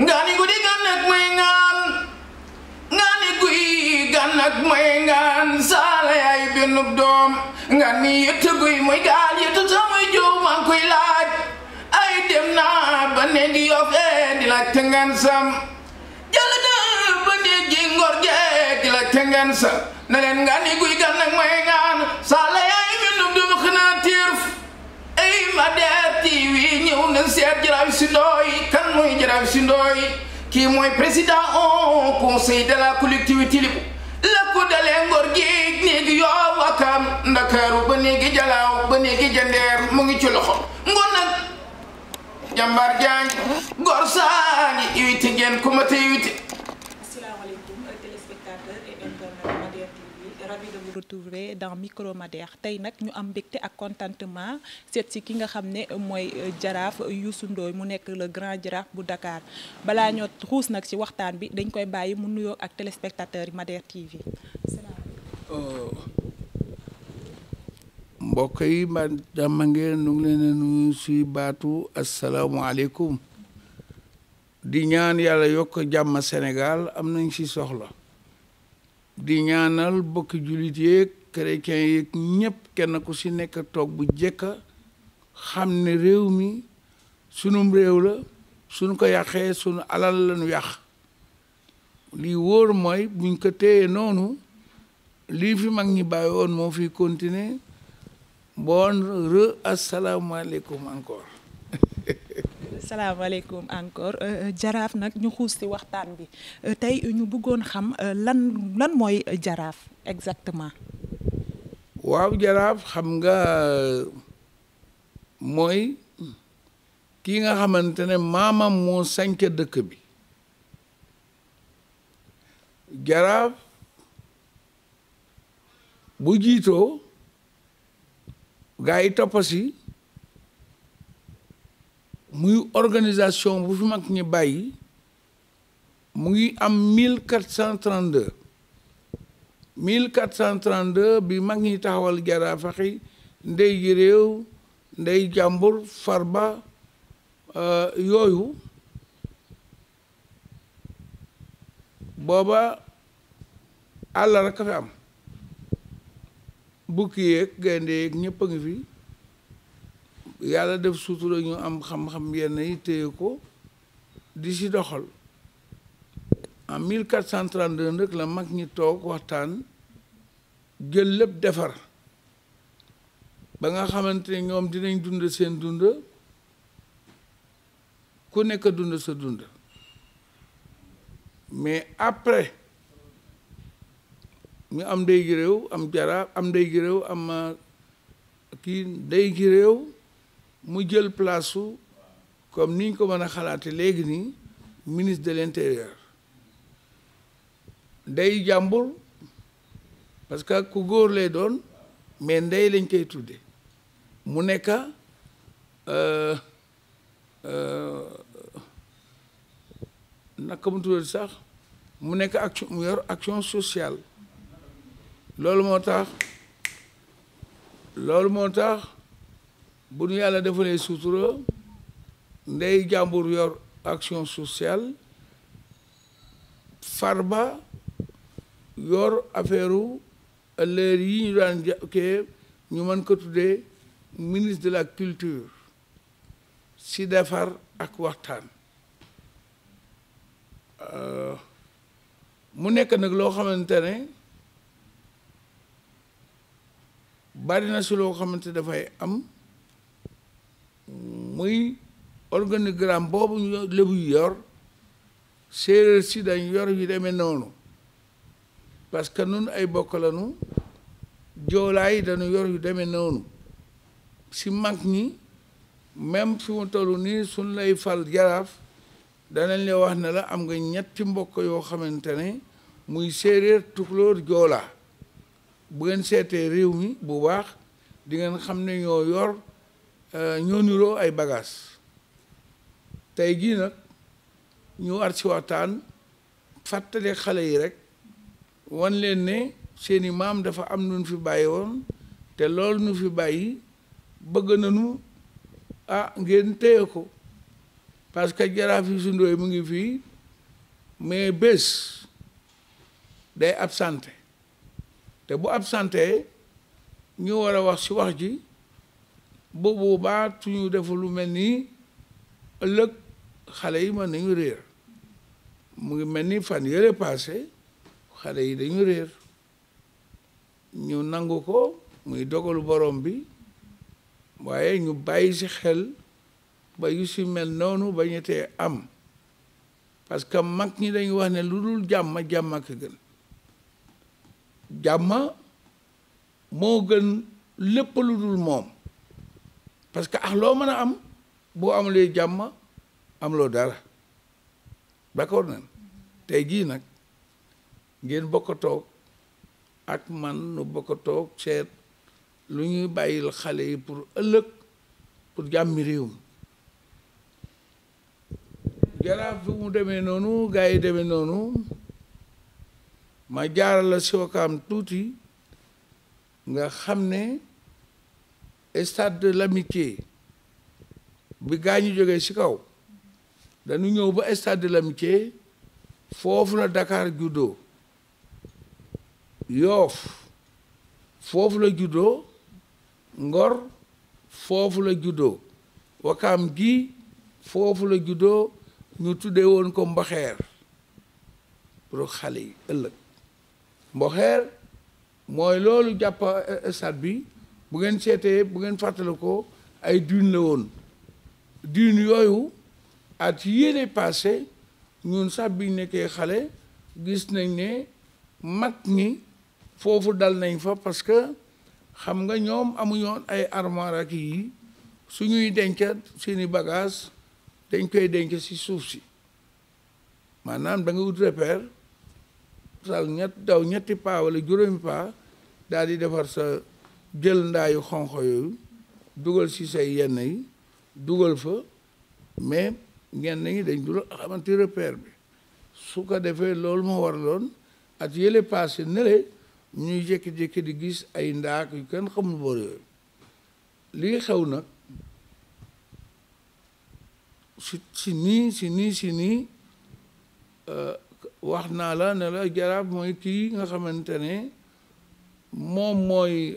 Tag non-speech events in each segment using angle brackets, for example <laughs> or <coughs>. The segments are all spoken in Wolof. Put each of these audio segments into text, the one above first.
ngaani gudi gan guy gan ak may ngaan saala yaay bennub doom ngaani yëtt guy muy gaal yëtt samay joow maa koy laaj ay dem naa ba ne di yofe di laaj te ngaan sam jël naa ji ngor jee di laaj te ngaan sam na leen ngaani guy gan ak may ngaan Lader TV ñëw na seet Jaraaf Youssou Ndoye kan mooy Jaraaf Youssou Ndoye kii mooy président au conseil de la collectivité Lébu la dalee ngor géej néegi yoo wakam ndakaaru ba néegi jalaaw ba néegi jandeer mu ngi ci loxo ngoon nag jàmbaar jaañ gor saani iwiti ngeen ku ma te iwiti ravi de vous retrouver dans Micromadaire Tay nak ñu am mbégte ak contentement C'est ci ki nga xamné moy mooy euh, jaraaf Youssou Ndoye mu nekk le grand Jaraf bu Dakar Bala ñoo xous nak ci waxtaan bi dañ koy bayyi mu nuyo ak téléspectateurs yi TV. mbokk yi ma jàmm ngeen nu ngi leen nuyu si baatu asalaamaaleykum di ñaan Yalla yok jamm Sénégal am nañ ci soxla. di ñaanal bokki jullit yeeg chrétien yeeg ñépp kenn ku ci nekk toog bu jekka xam ne réew mi sunum réew la suñ ko yàqee sunu alal la ñu yàq lii wóor mooy buñ ko téye noonu lii fi mag ñi bàyyi woon moo fi continuer bon re asalaamaaleykum encore salaamaaleykum encore euh, euh, jaraaf nag ñu xuus ci waxtaan bi euh, tey ñu bëggoon xam lan lan mooy jaraaf exactement. waaw jaraaf xam nga mooy kii nga xamante ne maamam moo sanc dëkk bi jaraaf bu jiitoo gaa yi topp si muy organisation bu fi mag ñi bàyyi mu ngi am mill quatre cent trente deux mille quatre cent trente deux bi mag ñi taxawal jaraafaxi ndey ji réew ndey jàmbur farba euh, yooyu booba àll rek fi am bukki yeeg gaynde yeeg ñëpp a ngi fi yàlla def sutura ñu am xam-xam yenn yi téye ko di si doxal en 1432 nag la mag ñi toog waxtaan jël lépp defar ba nga xamante ne ñoom dinañ dund seen dund ku nekk dund sa dund mais après ñu am ndey gi réew am jaraaf am ndey gi réew am uh, kii ndey gi réew mu jël place su comme niñ ko mën a xalaate léegi nii ministre de l'intérieur day jàmbur parce que ku góor lay doon mais ndey lañ koy tudde mu nekk euh, euh, naka mu tuddati sax mu nekk action action sociale loolu moo tax loolu moo tax bu ñu yàlla defalee sutura ndey jàmbur yor action sociale farba yor affaire u leer yi ñu daan jàkkee ñu ministre de la culture si defar ak waxtaan euh, mu nekk nag loo xamante ne bari na si muy organigramme boobu ñu lébu yor séeréer si dañ yor yu deme noonu parce que nun ay bokk lañu joolaa yi dañu yor yu deme noonu si mag ñi même fi mu toll nii suñ lay fal jaraaf danañ la wax ne la am nga ñetti mbokk yoo xamante ne muy séeréer tukulóor joolaa bu ngeen seetee réew mi bu baax di ngeen xam ne ñoo yor Euh, ñoo niroo ay bagaas tey jii nag ñu war ci waxtaan fàttale xale yi rek wan leen ne seeni maam dafa am nu fi bàyyi woon te lool nu fi bàyyi bëgg nañu ah ngeen téye ko parce que jaraaf yi sundooy mu ngi fii mais bés day absenté te bu absenté ñu war a wax ci wax ji bu boobaa suñu defu lu mel nii ëllëg xale yi mën nañu réer mu ngi mel ni fan yële passé xale yi dañu réer ñu nangu ko muy dogalu borom bi waaye ñu bàyyi si xel ba yu si mel noonu ba ñu am parce que mag ñi dañu wax ne lu dul jàmm jàmm ak gën jàmm moo gën lépp lu dul moom parce que ak ah, loo mën a am boo amulee jàmm am loo dara d'accord nañ tey jii nag ngeen bokk ak man nu bokk toog seet lu ñuy bàyyil xale yi pour ëllëg pour jàmmi réew mi jaraaf bi mu demee noonu gars yi demee noonu ma jaarala si am tuuti nga xam ne stade de l'amitié bi gaa ñu jógee ci kaw dañu ñëw ba stade de l'amitié foofu la Dakar juddoo Yoof foofu la juddoo Ngor foofu la juddoo Wakaam gi foofu la juddoo ñu tuddee woon ko mboxeer pour xale yi ëllëg mboxeer mooy loolu jàpp eh, stade bi bu ngeen seetee bu ngeen fàttale ko ay dune la woon dune yooyu at yéene passé ñun sax biñ nekkee xale gis nañ ne mag ñi foofu dal nañ fa parce que xam nga ñoom amuñoon ay armoire ak yi suñuy dencat seeni bagage dañ koy denc si suuf si maanaam da nga wut repère sal ñett daw ñetti pas wala juróomi pas daal di defar sa jël ndaa ndaayu xonq yooyu dugal si say yenn yi dugal fa mais ñenn ñi dañ dul xamante repère bi su ko defee loolu moo waraloon at yële passé nele ñuy jékki-jékki di gis ay ndaak yu kenn xamul boor yooyu lii xew nag si si nii si nii si nii euh, wax naa la ne la mooy kii nga xamante ne moom mooy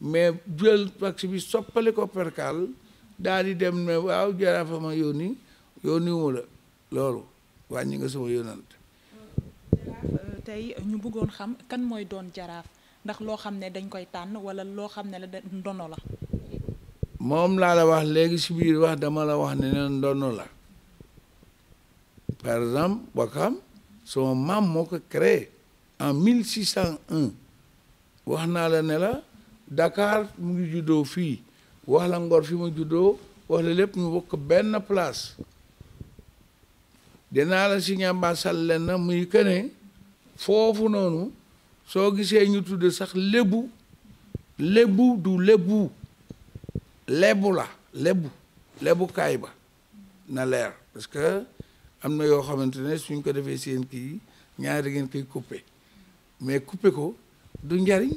mais jël taxi bi soppali ko daal di dem ne waaw jaraafa ma yónni yónni la loolu wàññi nga sama yónnant euh, tey ñu bëggoon xam kan mooy doon jaraaf ndax loo xam ne dañ koy tànn wala loo xam ne la ndono la moom laa wax léegi si biir la wax ne ne la par exemple Wakam sama maam moo ko créé en 1601 wax naa la ne la dakaar mu ngi juddoo fii wax la Ngor fi ma juddoo wax la lépp mu bokk benn place dinaa la si ñambaasal lenn muy këne foofu noonu soo gisee ñu tudd sax lébu lébu du lébu lebu la lebu lebu kaay ba na leer parce que am na yoo xamante ne suñ ko defee seen kii ñaari ngeen koy couper mais couper ko du njariñ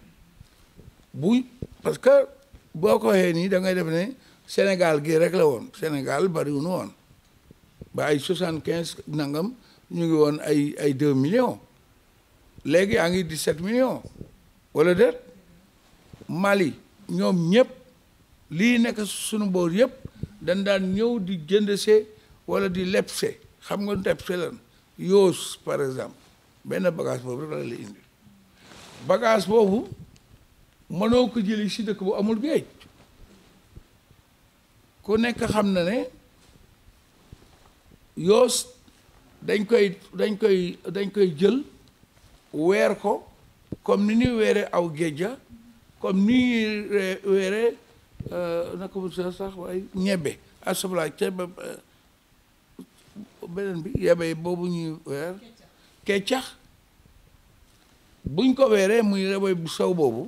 bu parce que boo ko waxee nii da ngay def ne Sénégal gii rek la woon Sénégal bariwunu woon ba ay soixante quinze nangam ñu ngi woon ay ay deux millions léegi yaa ngi dix-sept million wala déet Mali ñoom ñëpp lii nekk sunu boor yëpp dañ daan ñëw di se wala di lebse xam nga lebse lan yoos par exemple benn bagage boobu rek la lay indi bagage boobu mënoo ko jëli si dëkk bu amul géej ku nekk xam na ne yoos dañ koy dañ koy dañ koy jël weer ko comme ni ñuy weere aw géej comme ni ñuy weere euh, naka mu sax sax waaye ñebe asafla ceeb euh, beneen bi yebe boobu ñuy weer keccax buñ ko weeree muy rebe bu sew boobu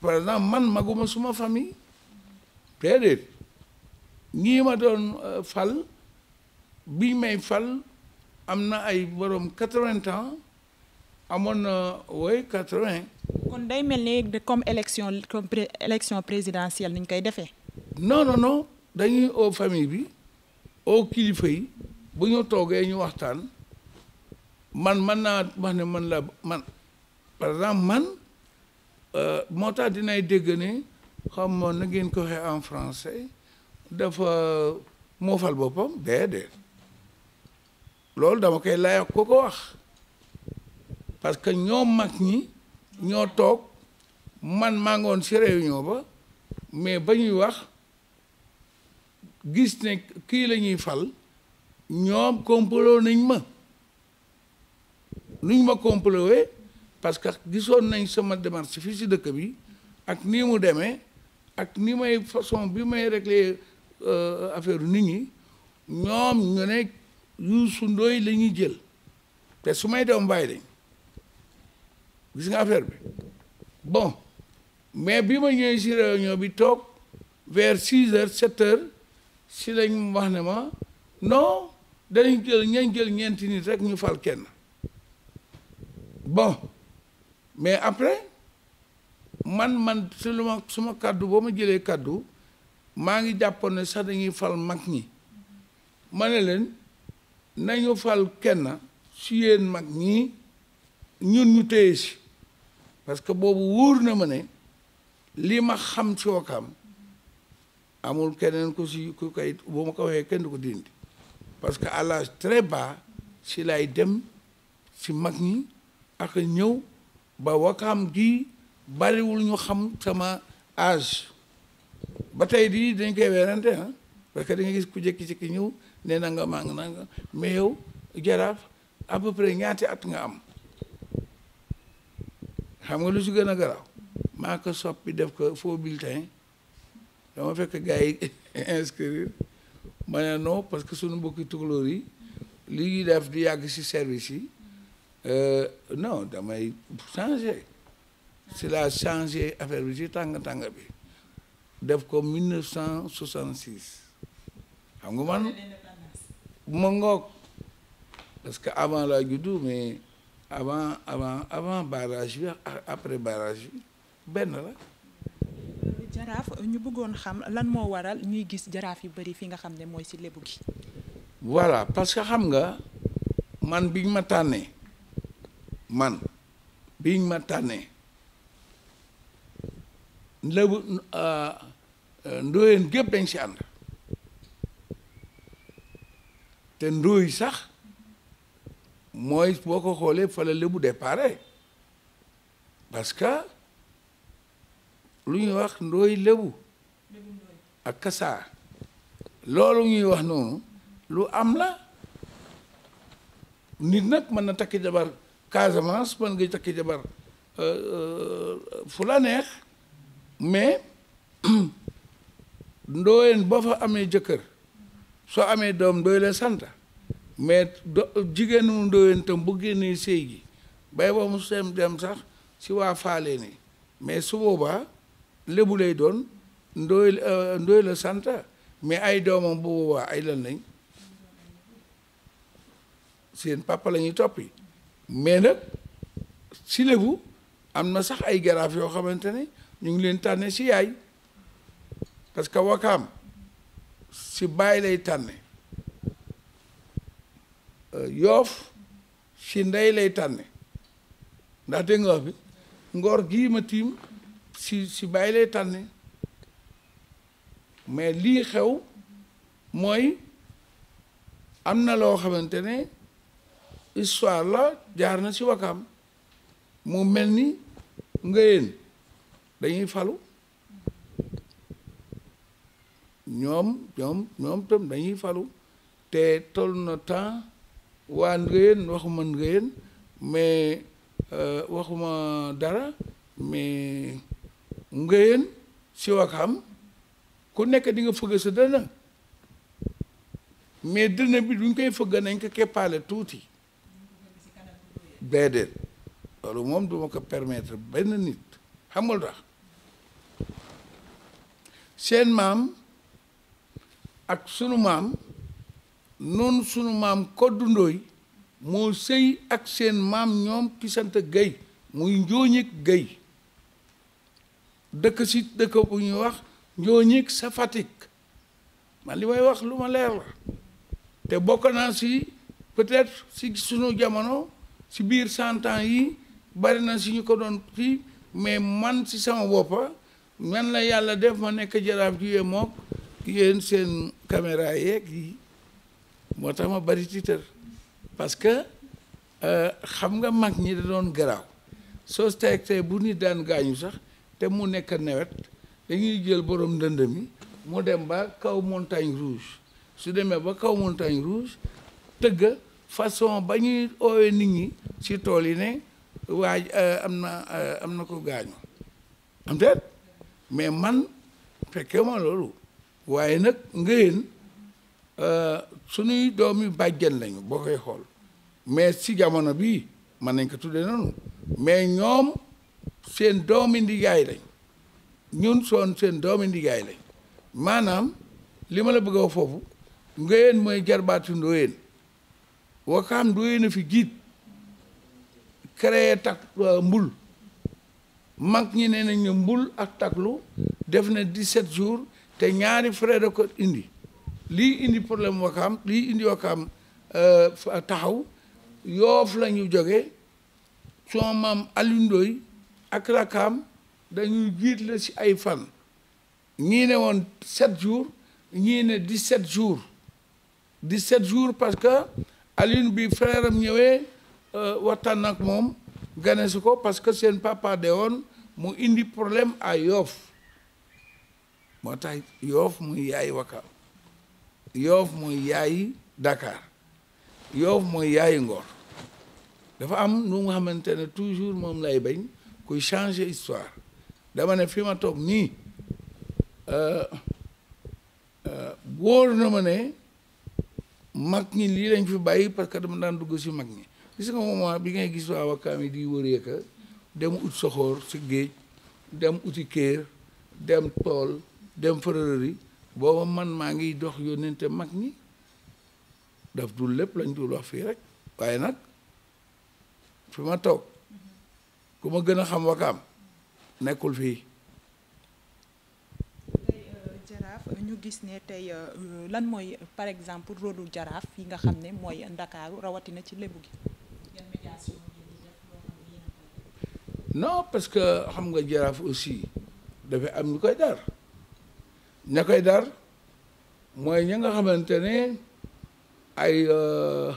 par exemple man maguma suma famille déedéet ñii ma don euh, fal bi may fal amna ay borom 80 ans amone way 80 kon day melni de comme élection comme élection présidentielle niñ koy défé non non non dañuy au famille bi au kilifa yi bu ñu toogee ñu waxtaan man man na wax ne man la man par exemple man euh, moo tax dinay dégg ne xam ngeen ko waxee en français dafa moofal boppam déedéet loolu dama koy layak ko ko wax parce que ñoo mag ñoo man maa ngoon si réunion ba mais wax gis fal ñoom complot nañ ma nuñ ma parce que gisoon nañ sama démarche fii si dëkk bi ak nii mu demee ak nii may façon bi may régler euh, affaire nit ñi ñoom ñu ne Youssou Ndoye la ñuy jël te su may dem bàyyi dañ gis nga affaire bi bon mais bi ma ñëwee si réunion bi toog ver six heures sept heures si lañ wax ne ma non danañ jël ñañ jël ñeenti nit rek ñu fal kenn bon mais après man man su ma suma kàddu boo ma jëlee kàddu maa ngi jàppoon ne sax dañuy fal mag ñi ma leen nañu fal kenn si yéen mag ñi ñun ñu téye si parce que boobu wóor na ma ne li ma xam ci Wakaam amul keneen ku si ku koy bu ma ko waxee kenn du ko dindi parce que à l'âge très bas si lay dem si mag ñi ak ñëw ba wakaam gi bariwul ñu xam sama âge ba tey di dañ koy werante ah parce que da gis ku jékki-jékki ñëw ne na nga maa na nanga mais yow jaraaf à peu près ñaati at nga am xam nga lu si gën a garaaw maa ko soppi def ko faux bulletin dama fekk gars yi <laughs> inscrire ma ne non parce que sunu mbokki tukulóor yi lii ñuy di yàgg si service yi Euh, non damay changé c'est la changé avec le ci tàng-tàng bi def ko 1966 xam nga parce que avant la juddu mais avant avant avant barrage après barrage ben là. la nous ñu bëggoon xam lan mo waral ñuy gis jaraf yu bari fi nga xamné moy ci lébu gi voilà parce que xam nga man biñ ma man biñ ma tànnee lëbu ah, ah, ndóoyeen gépp dañ si ànd te ndóoy sax mooy boo ko xoolee fa la lëbu départ parce que lu ñuy wax ndóoy lëbu ak kasaa loolu ñuy wax noonu lu am la nit nag mën na takki jabar Casamance mën nga takki jabar euh, euh, fu la neex mais <clears throat> ndooyeen boo fa amee jëkkër soo amee doom dooy la sant mais do jigéenu ndooyeen tam bu génnee sëy gi bay ba mu seem dem sax si waa faalee ni mais su boobaa lébu lay doon ndooy euh, ndooy la sant mais ay doomam bu boobaa ay lan lañ seen papa la ñuy toppi mais nag si lébu am na sax ay garaaf yoo xamante ne ñu ngi leen tànne si yaay parce que wakaam si baay lay tànne euh, yoof si ndey lay tànne ndax nga wax bi ngoor gii ma tiim si si baay lay tànne mais lii xew mooy am na loo xamante ne histoire la jaar na si Wakaam mu mel ni ngayeen dañuy falu ñoom ñoom ñoom dañuy falu te toll na temps waa ngayeen waxuma ngayeen mais euh, waxuma dara mais ngayeen si Wakaam ku nekk di nga fëgg sa dënn mais dënn bi duñ koy fëgg nañ ko keppaale tuuti déedéet loolu moom duma ko permettre benn nit xamul tax seen maam ak sunu maam noonu sunu maam Koddu Ndooy moo sëy ak seen maam ñoom Pisanta Gay muy Njooñig Gay dëkk si dëkk bu ñuy wax njooñik sa fatik man li may wax lu ma leer la te bokk naa si peut-être si sunu jamono ci biir cent yi bari na si ñu ko doon kii mais man si sama boppa man la yàlla def ma nekk jaraaf ju yee mook yéen seen caméra yeeg yi moo tax ma bari tiitar parce que euh, xam nga mag ñi da doon garaaw soo teg tey bu nit daan gaañu sax te mu nekk nawet dañuy jël borom ndënd mi mu dem ba kaw montagne rouge su demee ba kaw montagne rouge tëgga façon ba ñuy oowee nit ñi si tool yi ne waaj euh, am na euh, am na ko gaañu am teet mais man fekkee ma loolu waaye nag ngëyeen euh, suñuy doomi bàjjen lañu boo xool mais si jamono bii mën nañ ko tuddee noonu mais ñoom seen doomi ndigaay lañ ñun soon seen doomi ndigaay lañ maanaam li ma la bëgg a foofu ngëyeen mooy jarbaatu ndóoyeen Wakaam doy na fi giit créé tak euh, mbul mag ñi ne nañ ne mbul ak taklu def na 17 jours te ñaari frais de ko indi lii indi problème Wakaam lii indi Wakaam euh, taxaw yoof lañu joge jóge son maam Alioune Ndoye ak rakam dañuy jiit la ci ay fan ñii ne woon 7 jours ñii ne 17 jours 17 jours parce que Alioune bi frère am ñëwee euh, waxtaan ak moom gane si ko parce que seen papa de woon mu indi problème a Yoff moo tax Yoff muy yaay Wakaam Yoff muy yaay Dakar Yoff muy yaay Ngor dafa am nu nga xamante ne toujours moom lay bañ kuy change histoire damane ne fi ma toog nii euh, euh, wóor na ma ne mag ñi lii lañ fi bayyi parce que dama dugg si mag ñi gis nga moma bi ngay gis wa wakami di wëree ka dem ut soxor ci geej dem uti keer dem tol dem fërërëri booba man ma ngi dox yonenté mag daf dul lepp lañ dul wax fi rek waye nak fi ma kuma gëna xam wakam nekul fi gis ne tey euh, lan moy par exemple rôle jaraf yi nga xam moy dakar rawati na ci lebu gi non parce que xam nga jaraf aussi fay am ñukoy dar ñakoy dar moy ñi nga xamantene ay euh,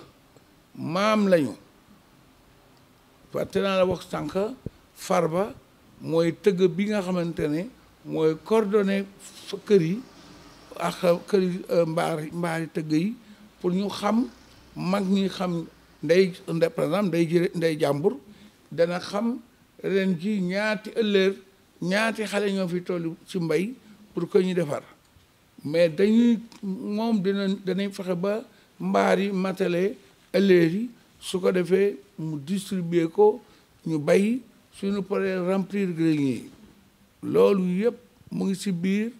mam lañu fàtte la wax farba moy teug bi nga xamantene moy coordonner coordonné ak kër euh, mbaar mbaari tëgg yi pour ñu xam mag ñi xam ndey par exemple ndey jërë jàmbur dana xam ren ji ñaati ëllëg ñaati xale ñoo fi toll ci mbay pour que ñu defar mais dañuy moom dina danañ fexe ba mbaar yi matale ëllëg yi su ko defee mu distribuer ko ñu bay suñu paree remplir grenier yi loolu yëpp mu ngi ci biir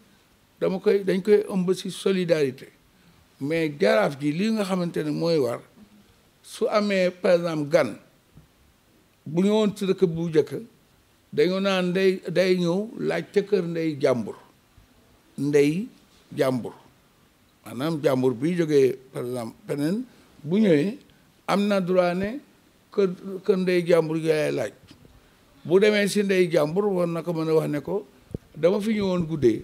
dama koy dañ koy ëmb si solidarité mais jaraaf ji lii nga xamante ne mooy war su amee par exemple gan bu ñëwoon ci dëkk bu njëkk dañoo naan ndey day ñëw laaj ca kër ndey jàmbur ndey jàmbur maanaam jàmbur bi jógee par exemple peneen bu ñëwee am na droit ne kër kër ndey jàmbur yaay laaj bu demee si ndey jàmbur war na ko mën a wax ne ko dama fi ñëwoon guddee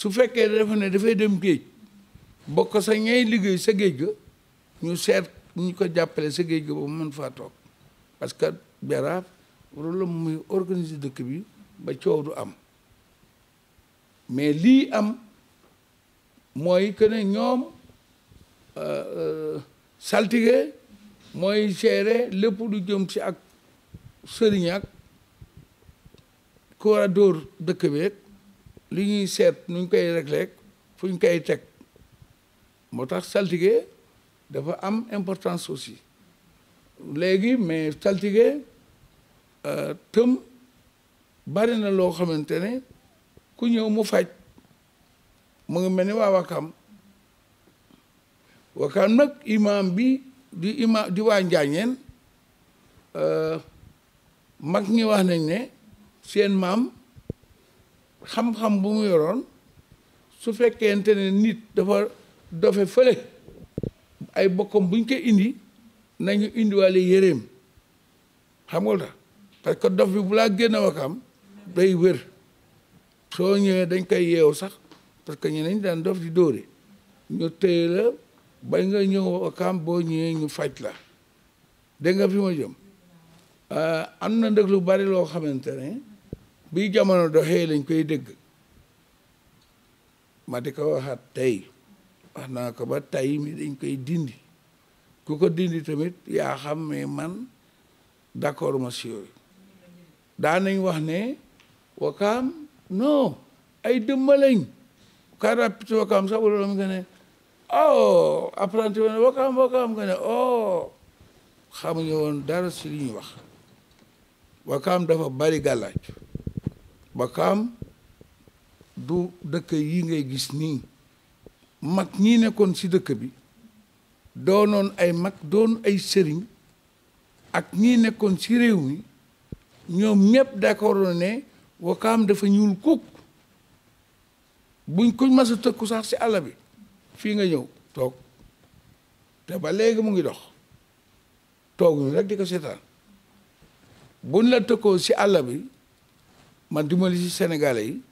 su fekkee dafa ne dafay dem géej bokk sa ñay liggéey sa géej ga ñu seet ñu ko jàppale sa géej ga ba mën faa toog parce que Bera loolu muy organiser dëkk bi ba coow du am mais lii am mooy que ne ñoom euh, euh, saltige mooy seere lépp lu jëm ci ak sëriñ ak ku war dëkk bi li ñuy seet nuñ koy réglé fuñ koy teg moo tax saltige dafa am importance aussi léegi mais saltige euh, tëm bari na loo xamante ne ku ñëw mu faj mu ngi mel ni waa wakam Wakaam nag imam bi di imam di waa Njaañeen euh, mag ñi wax nañ ne seen maam xam-xam bu mu yoroon su fekkente ne nit dafa dofe fële ay bokkam buñ ko indi nañu indiwaale yéreem xam nga tax parce que dof bi bu laa génn wakam day wér soo ñëwee dañ koy yeew sax parce que nañ daan dof di dóore ñu téye la bañ nga ñëw wakam boo ñëwee ñu faj la dégg nga fi ma jëm ah, am na ndëg lu bari loo xamante ne bii jamono doxee lañ koy dégg ma di ko waxaat tey wax naa ko ba tey mi dañ koy dindi ku ko dindi tamit yaa xam mais man d'accord monsieur daa nañ wax ne wakaam non ay dëmma lañ car rapide wakaam sax wala nga ne oh wakaam wakaam nga ne oh xamuñu dara si li wax wakaam dafa bari gàllaaj Wakaam du dëkk yi ngay gis nii mag ñii nekkoon ci dëkk bi doonoon ay mag doon ay sëriñ ak ñii nekkoon ci réew mi ñoom ñëpp d'accord ne Wakaam dafa ñuul kukk buñ kuñ mas a tëkku sax ci àll bi fii nga ñëw toog te ba léegi mu ngi dox toog ñu rek di ko seetaan buñ la tëkkoo ci àll bi man dimbali si Sénégalais yi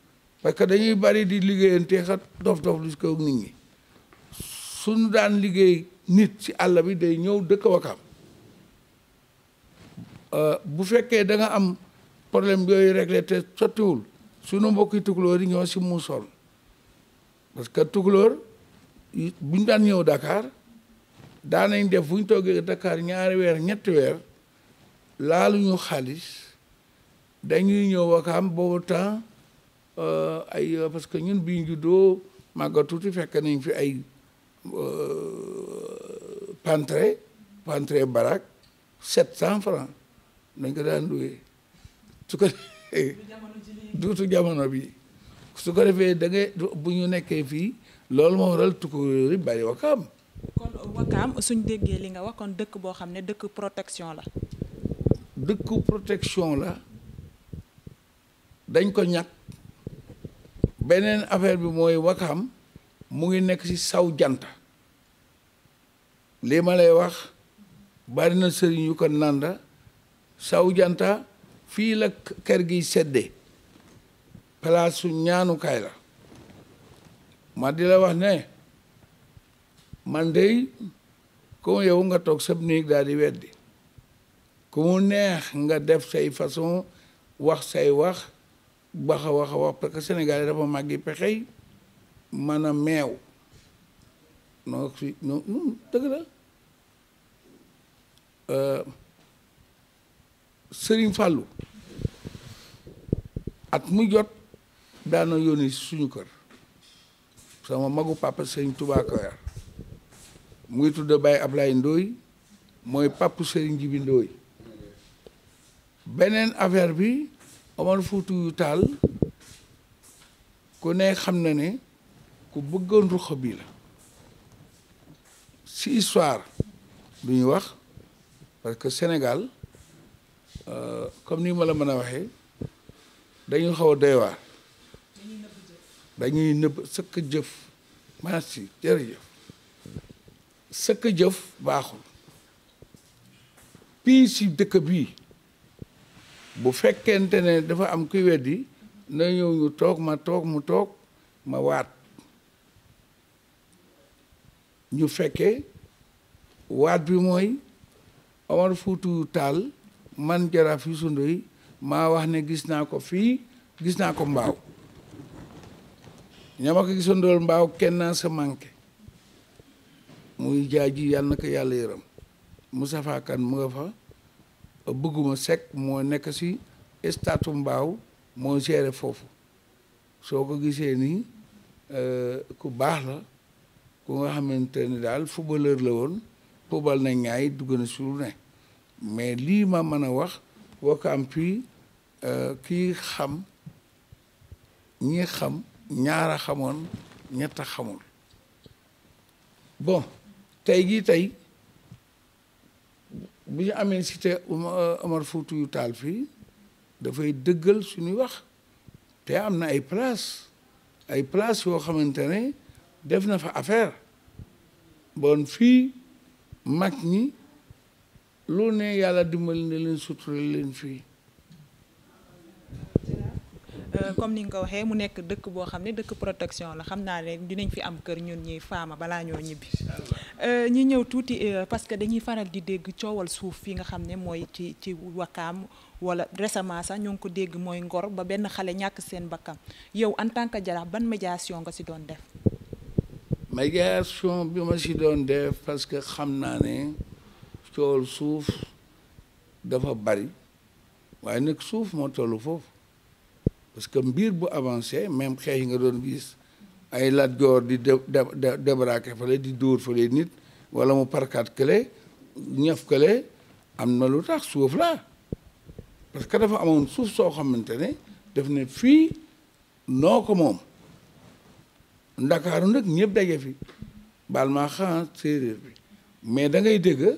parce que dañuy bari di liggéeyante xat dof-dof lu si kaw nit ñi suñu daan liggéey nit si àll bi day ñëw dëkk Wakaam euh, bu fekkee danga am problème yooyu réglé te sottiwul suñu mbokki tukulóor yi ñoo si muusoon parce que tukulóor bu ñu daan ñëw Dakar daanañ def bu ñu toogee Dakar ñaari weer ñetti weer laaluñu xaalis dañuy ñëw wakaam boobu temps euh, ay euh, parce que ñun bi ñu juddoo màgga tuuti fekk nañ fi ay euh, pantre pantre barak sept cent francs dañ ko daan luwee su ko duutu jamono bi su ko defee da bu ñu nekkee fii loolu moo waral tukkuréer yi bari wakaam kon wakaam suñ déggee li nga wax kon dëkk boo xam ne dëkk protection la dëkk protection la dañ ko ñàkk beneen affaire bi mooy Wakam mu ngi nekk ci saw jant lii ma lay wax bari na sëriñ ko nanda saw janta fii la kër gi sedde palaasu ñaanukaay la ma di la wax ne man dey comme yow nga toog sab néeg daal di weddi ku mu neex nga def say façon wax say wax wax a wax a wax parce que Sénégal yi dafa màggi pexey man a meew noo fi no dëgg la euh, Sëriñ at mu jot daana yónni suñu kër sama magu papa Sëriñ Tuubaa ko yar mu ngi tudd Baye Ablaye Ndooy mooy papu Sëriñ Jibi Ndooy beneen affaire bi Omar Foutiyou Tall ku ne xam na ne ku bëggoon ruxa bi la si histoire lu ñuy wax parce que Sénégal euh, comme ni ma la mën a waxe dañuy xaw a doy waar dañuy nëbb sëkk jëf merci jërëjëf sëkk jëf baaxul pii si dëkk bii bu fekkente ne dafa am kuy weddi na ñëw ñu toog ma toog mu toog ma waat ñu fekke waat bi mooy Omar Fuutu Taal man Jaraaf Youssou Ndoye maa wax ne gis naa ko fii gis naa ko mbaaw ñama ko gisandool mbaaw kenn naa sa manqué muy jaay ji yàlla na ko yàlla yërëm Moustapha Kane mu nga fa bëgguma sec moo nekk si statu mbaaw moo géré foofu soo ko gisee nii euh, ku baax la ku nga xamante ni daal footballeur la woon football na ñaay dugg na si ne mais lii ma mën a wax am fii euh, kii xam ñi xam ñaara xamoon ñetta xamul bon tey jii tey bu ñu amee cité euh, Omar Foutiyou Tall fii dafay dëggal suñuy wax te am na ay place ay place yoo xamante ne def na fa affaire bon fii mag ni lu ne yàlla dimbali na leen sutura leen fii Euh, comme ni nga ko waxee mu nekk dëkk boo xam ne dëkk protection la xam naa ne dinañ fi am kër ñun ñuy faama balaa ñoo ñibbi euh, ñu ñëw tuuti euh, parce que dañuy faral di dégg coowal suuf fi nga xam ne mooy ci ci wakaam wala récemment sax ñoo ngi ko dégg mooy ngor ba benn xale ñàkk seen bakkan yow en tant que jaraaf ban médiation nga si doon def médiation bi ma si doon def parce xam naa ne coowal suuf dafa bari waaye nag suuf moo tollu foofu parce que mbir bu avancé même xey nga doon gis ay Lat Joor di débraquer débraqué di door fale nit wala mu parkaat kële ñaf kële am na lu tax suuf la parce que dafa amoon suuf soo xamantene ne daf ne fii noo ko moom ndakaaru nag ñëpp daje fi bal ma xaa séeréer bi mais da ngay dégg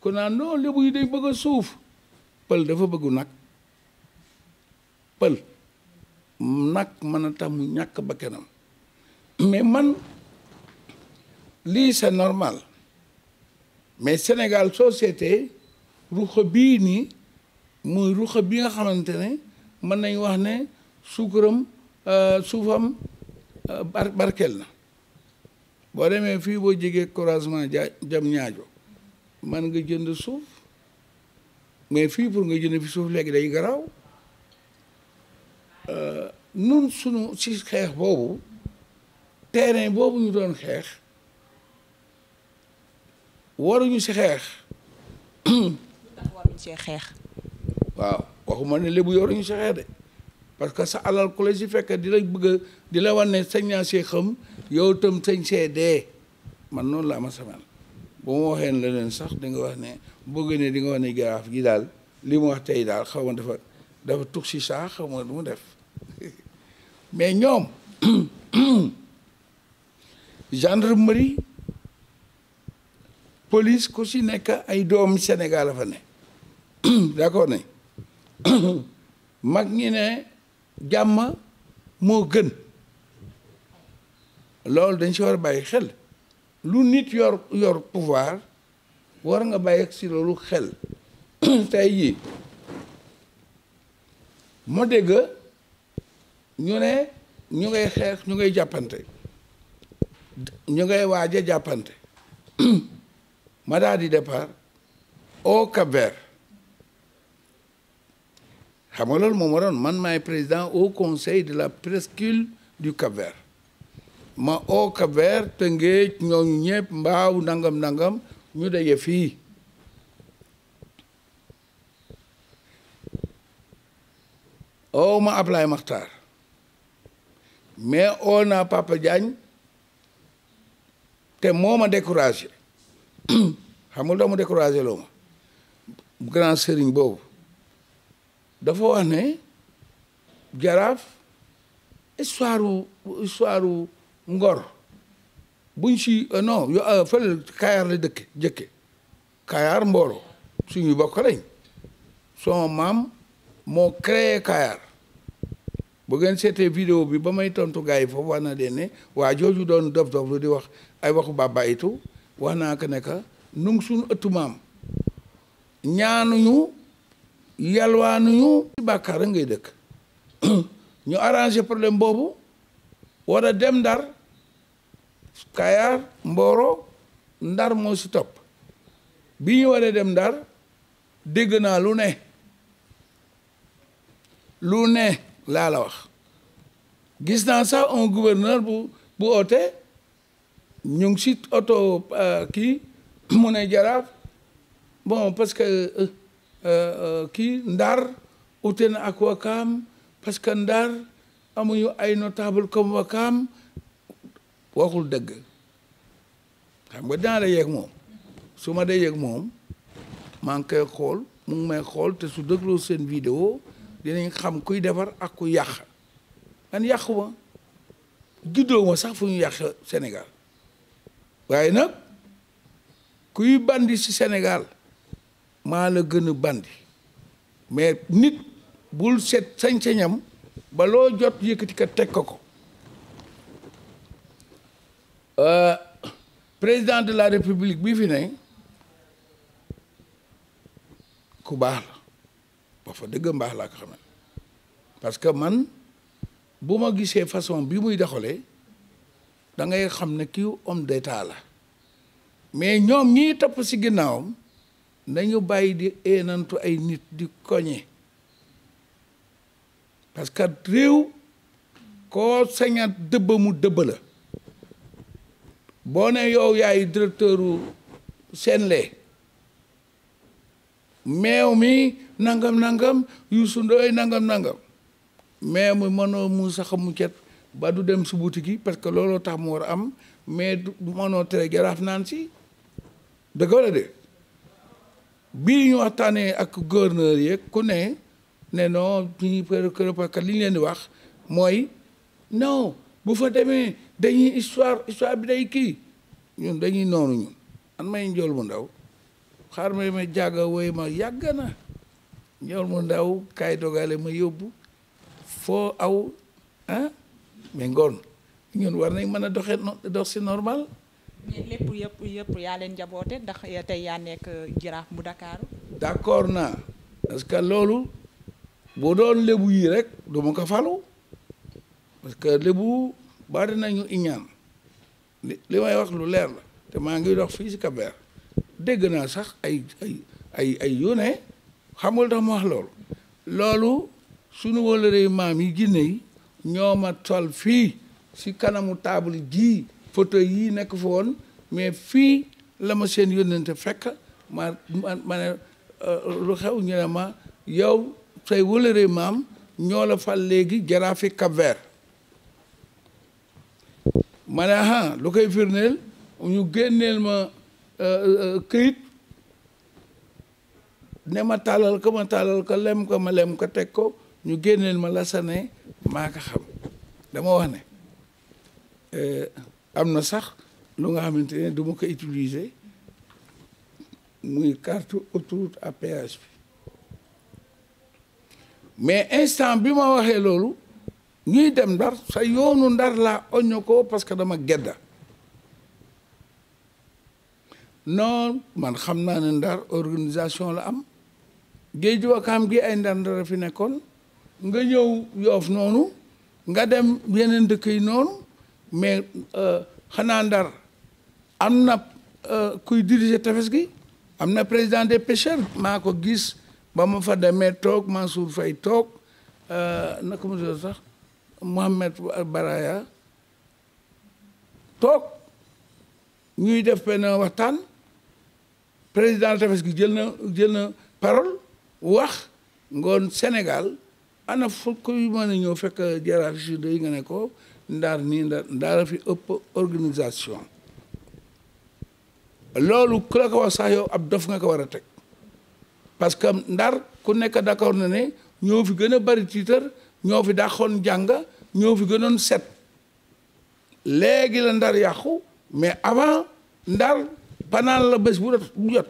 ku naan non lébu yi dañ bëgg a suuf pël dafa bëggu nag pël nag mën a tax mu ñàkk bakkanam mais man lii c'est normal mais Sénégal société ruxa bii nii muy ruxa bi nga xamante ne mën nañ wax ne suukaram euh, suufam euh, bar barkeel na boo demee fii boo jegee croisement ja jam ñaajo man nga jënd suuf mais fii pour nga jënd fi suuf léegi day garaaw euh, nun sunu si xeex boobu terrain boobu ñu doon xeex waruñu si xeex. waruñu si xeex. waaw waxuma ne lébu yoruñu si xeex de parce que sa alal ku la si fekk di la bëgg di la wan ne sañ naa see xam yow itam sañ see dee man noonu laa ma samaan bu ma waxee ne leen sax di wax ne bëgg ne di nga wax ne garaaf gi daal li mu wax tey daal xaw ma dafa dafa tux si saa xaw ma duma def. mais ñoom genre <clears throat> gendarmerie police ko si nekk ay doomu Sénégal fa ne <clears throat> d'accord <clears throat> mag ñi ne jàmm moo gën loolu dañ si war a bàyyi xel lu nit yor yor pouvoir war nga bàyyi si loolu xel tey jii moo dégg ñu ne ñu ngay xeex ñu ngay jàppante ñu ngay waaj a jàppante <clears throat> départ au Cap-Vert xam nga loolu moom waroon man maay président au conseil de la presqu'île du Cap-Vert ma au Cap-Vert Tëngéej ñooñu ñëpp mbaaw nangam nangam ñu daje fii oo ma Ablaye Makhtar mais oo naa Papa Diagne te moo ma découragé <clears throat> xam nga doomu découragé loo ma grand sëriñ boobu dafa wax ne jaraaf histoire histoire ngor buñ si euh, non euh, fële Kayar la dëkke jëkke Kayar mbooloo suñu bokk lañ son maam moo créé Kayar bu ngeen seetee vidéo bi ba may tontu gars yi foofu wax na ne waa jooju doon dof dof lu di wax ay waxu bàbba itu wax naa ko ne ka nu ngi suñu ëttu maam ñaanuñu yalwaanuñu ci ngay dëkk <clears throat> ñu arrangé problème boobu war dem ndar Kayar Mboro ndar moo si topp bi ñu waree dem ndar dégg naa lu ne lu ne la la wax gis na ça, un gouverneur pour bu ootee ñu ngi qui, qui euh, <clears throat> bon parce que euh, euh, Ndar parce que Ndar notable comme wakam waxul deug xam nga mu ngi te vidéo dinañ xam kuy defar ak kuy yàq man yàqu ma juddoo ma sax fu ñu yàq Sénégal waaye nag kuy bandi ci Sénégal maa la gën a bandi mais nit bul set sañ-sañam ba loo jot yëkkati ka teg ko ko euh, président de la république bi fi ne ku baax la wax fa dëgg mbaax laa ko xame parce que man bu ma gisee façon bi muy doxalee da ngay xam ne kii homme d'état la mais ñoom ñii tapp ci ginnaawam nañu bàyyi di eenantu ay nit di koñe parce que réew koo sañat dëbba mu dëbba la boo ne yow yaay directeur u Senelec meew mi nangam nangam Youssou Ndoye nangam nangam mais mu mënoo mu sa mu cet ba du dem si boutique yi parce que looloo tax mu war a am mais du mënoo tere jaraaf naan si dëgg wala de bii ñu waxtaanee ak gouverneur yeeg ku ne ne leen di wax mooy non bu fa demee dañuy histoire histoire bi day kii ñun dañuy noonu ñun an may njool bu ndaw xaar ma may jàgga woy ma yàgg na ñool mo ndaw kay dogale ma yobbu fo aw ah mais ngon ñun war nañ mëna doxé dox ci normal lepp yépp yépp ya leen jaboté ndax tay ya nek giraf bu Dakar d'accord na parce que lolu bo doon lebu yi rek du ko falu parce que lebu bari nañu iñan li may wax lu leer la te ngi dox fi ci kaber deug na sax ay ay ay yone ne xamul tax mu wax loolu loolu sunu wóllëree maam yi ginne yi ñoo ma tol fii si kanamu table ji photo yii nekk fa woon mais fii la ma seen yónnante fekk ma ma euh, lu xew ñu ma yow say wóllëree maam ñoo la fal léegi jaraafi Cap-Vert ma ne lu koy firndeel ñu génneel ma euh, euh, këyit ne ma tàllal ko ma tàllal ko lem ko ma lem ko teg ko ñu génneel ma la sa ne maa ko xam dama wax ne euh, am na sax lu nga xamante ne du ma ko utiliser muy carte autoroute à péage mais instant bi ma waxee loolu ñuy dem ndar sa yoonu ndar laa oñño ko parce que dama gedda non man xam naa ne ndar organisation la am géej wakaam gi ay ndandara fi nekkoon nga ñëw yoof noonu nga dem yeneen dëkk yi noonu mais euh, xanaa ndar am na euh, kuy diriger tefes gi am na président des pêcheurs maa ko gis ba ma fa demee toog Mansour fay toog euh, naka mu tudd sax Mohamed Baraya toog ñuy def benn waxtaan président tefes gi jël na jël na parole wax ngoon Sénégal ana fu koy mën a ñëw fekk jaraaf si day nga ne ko ndaar nii ndaar ndaara fi ëpp organisation loolu ku la ko wax sax yow ab dof nga ko war a teg parce que ndar ku nekk d'accord na ne ñoo fi gën a bari tiitar ñoo fi dàqoon jàng ñoo fi gënoon set léegi la ndar yàqu mais avant ndar panaan la bés bu jot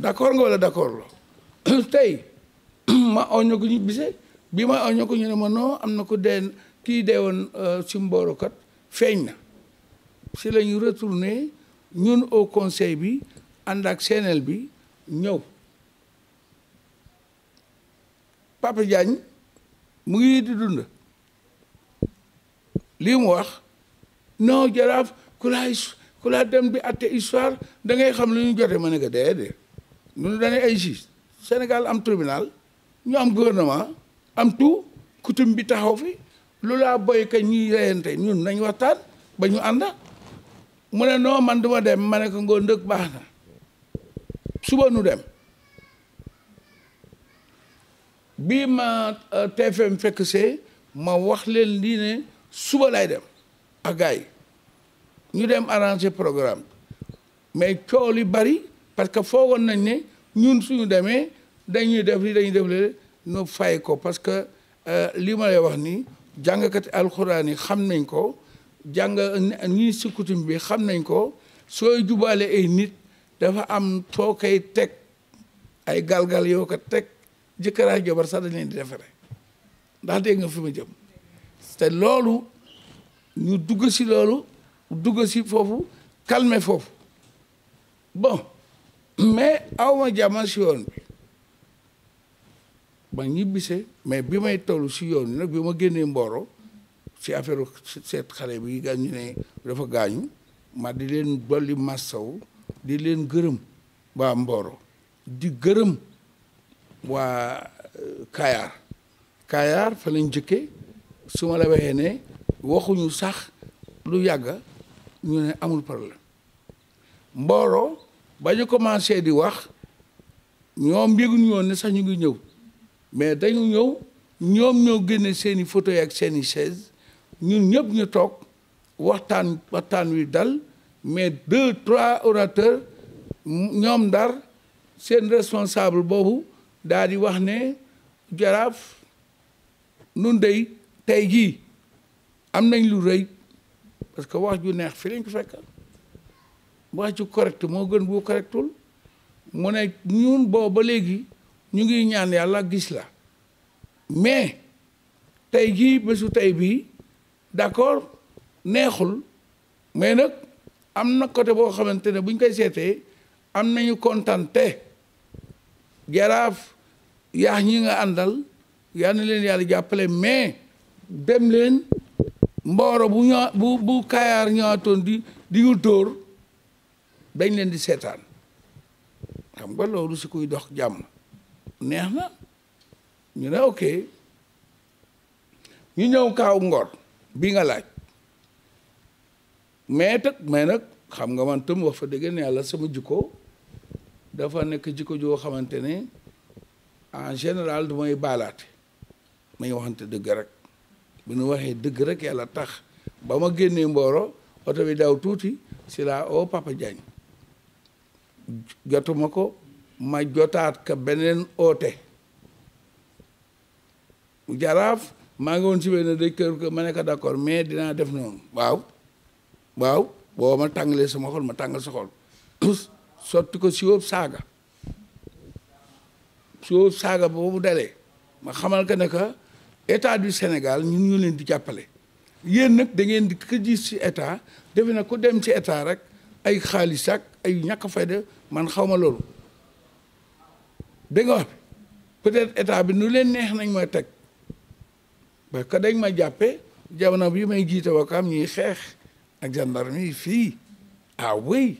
d'accord nga wala d'accord la <clears throat> tey <clears throat> ma oño ko ñu bise bi ma oño ko ñu ne ma noo am na ko dee kii dee woon si euh, mbooro kat feeñ na si la ñu retourné ñun au conseil bi ànd ak CNL bi ñëw Papa Diagne mu ngi di dund lii mu wax non jaraaf ku laa ku laa dem bi atte histoire da ngay xam lu ñu jote ma ne ko déedéet ñun dañuy ay juge senegal am tribunal ñu am gouvernement am tout coutume bi taxaw fi lu boy ke ñi reenté ñun nañ waxtaan ba ñu ànd mu ne non man duma dem ma ko ngo ndeuk baxna suba nu dem bi ma euh, TFM fekk sé ma wax leen li né suba lay dem agay ñu dem arranger programme mais ko li bari parce que foogoon nañ ne ñun suñu demee dañuy def lii dañuy def le nu fay ko parce que euh, li ma lay wax ni jàngkati alxuraan yi xam nañ ko jàng ñii si coutume bi xam nañ ko sooy jubaale ay nit dafa am too koy teg ay galgal yoo ko teg jëkkëraa jabar sax dañ leen di defere ndax dégg nga fi ma jëm te loolu ñu dugg si loolu dugg si foofu kalme foofu bon mais awma jàmm si yoon bi ba ñibbise mais bi may toll si yoon bi nag bi ma génnee mbooro si affaire seet xale bi gaañu ne dafa gaañu ma di leen dolli massaw di leen gërëm waa Mboro di gërëm waa euh, Kayar Kayar fa lañ jëkke su ma la waxee ne waxuñu sax lu yàgga ñu ne amul problème Mboro bañu commencé di wax ñom yëguñu woon ne sax ñu ngi ñew mais dañu ñew ñom ñoo génne seen photo ak seen chaise ñun ñëpp ñu tok waxtaan waxtaan wi dal mais deux trois orateurs ñom dar seen responsable bobu daal di wax ne jaraaf nun dey tey jii am nañ lu rëy parce que wax ju neex fi lañ ko fekk waa ci correct moo gën bu correctul mu ne ñun boo ba léegi ñu ngi ñaan yàlla gis la mais tey gii bésu tey bii d'accord neexul mais nag am na côté boo xamante ne bu ñu koy seetee am nañu kontaan te jaraaf yaax ñi nga àndal yal na leen yàlla jàppale mais dem leen mbooro bu ñoo bu kaayaar ñëwaatoon di di ñu dóor dañ leen di seetaan xam nga loolu si kuy dox jàmm neex na ñu ne ok ñu ñëw kaaw ngor bi nga laaj mais tag mais nag xam nga man tam wax fa dëgg ne yàlla sama jikko dafa nekk jikko joo xamante ne en général du may baalaate may waxante dëgg rek bu nu waxee dëgg rek yàlla tax ba ma génnee mbooro oto bi daw tuuti si laa o Papa Diagne jotuma ko ma jotaat ka beneen oote jaraaf maa ngi woon si benn dëj kër ko ma nekka ko d'accord mais dinaa def noonu waaw waaw boo ma tàngalee sama xol ma tàngal sa xol <coughs> sotti ko si yóob saaga si yóob saaga boobu dalee ma xamal ka ne que état du Sénégal ñun ñu leen di jàppale yéen nag da ngeen di ko gis si état defe na ku dem si état rek ay xaalis ak ay ñàkk fayda man xaw ma loolu dégg nga être état bi nu leen neex nañ ma teg parce que dañ ma jàppe jamono bi may jiite wakaam ñuy xeex ak gendarmerie fii ah oui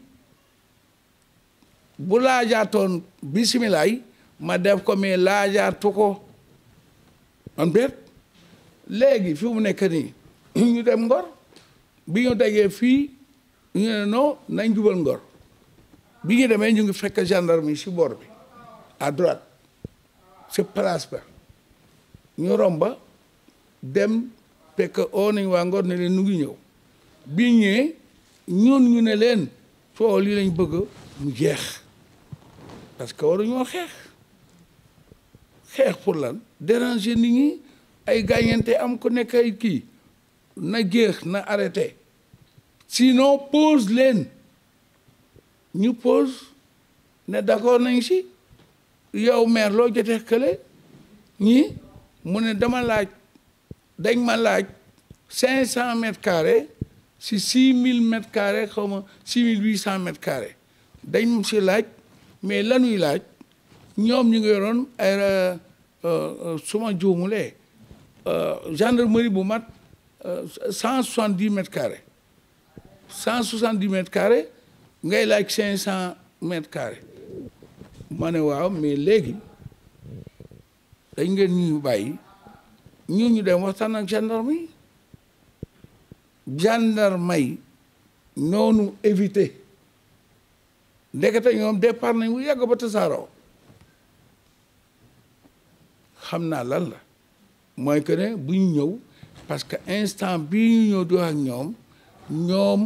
bu laajaatoon bisimilaay ma def ko mais laajaatu ko man béet léegi fi mu nekk nii ñu dem ngor bi ñu tegee fii ñu ne non nañ jubal Ngor bi ñu demee ñu ngi fekk gendarme yi si boor bi à droite si place ba ñu romba dem fekk oo nañ waa Ngor ne leen nu ngi ñëw bi ñëwee ñun ñu ne leen coow lii lañ bëgg mu jeex parce que waruñoo xeex xeex pour lan déranger nit ñi ay gaañante am ko nekk ay kii na jeex na arrêté sinon pause Nous nous pose, sommes d'accord nañ si yow maire loo jotee kële ñii ni, ne dama laaj ma laaj 500 500 mètres carrés si 6 000 mètres carrés comme 6 huit mètres carrés la mais laaj avons euh, euh, euh, cent soixante mètres carrés cent soixante dix mètres carrés ngay laaj cinq cent mètres carrés ma ne waaw mais léegi dañ ngeen ñuy bàyyi ñu ñu dem waxtaan ak gendarme yi gendarme yi noonu éviter ndekete ñoom départ nañ bu yàgg ba tasaaroo xam naa lan la mooy que ne bu ñu ñëw parce que instant bii ñu ñëw di wax ak ñoom ñoom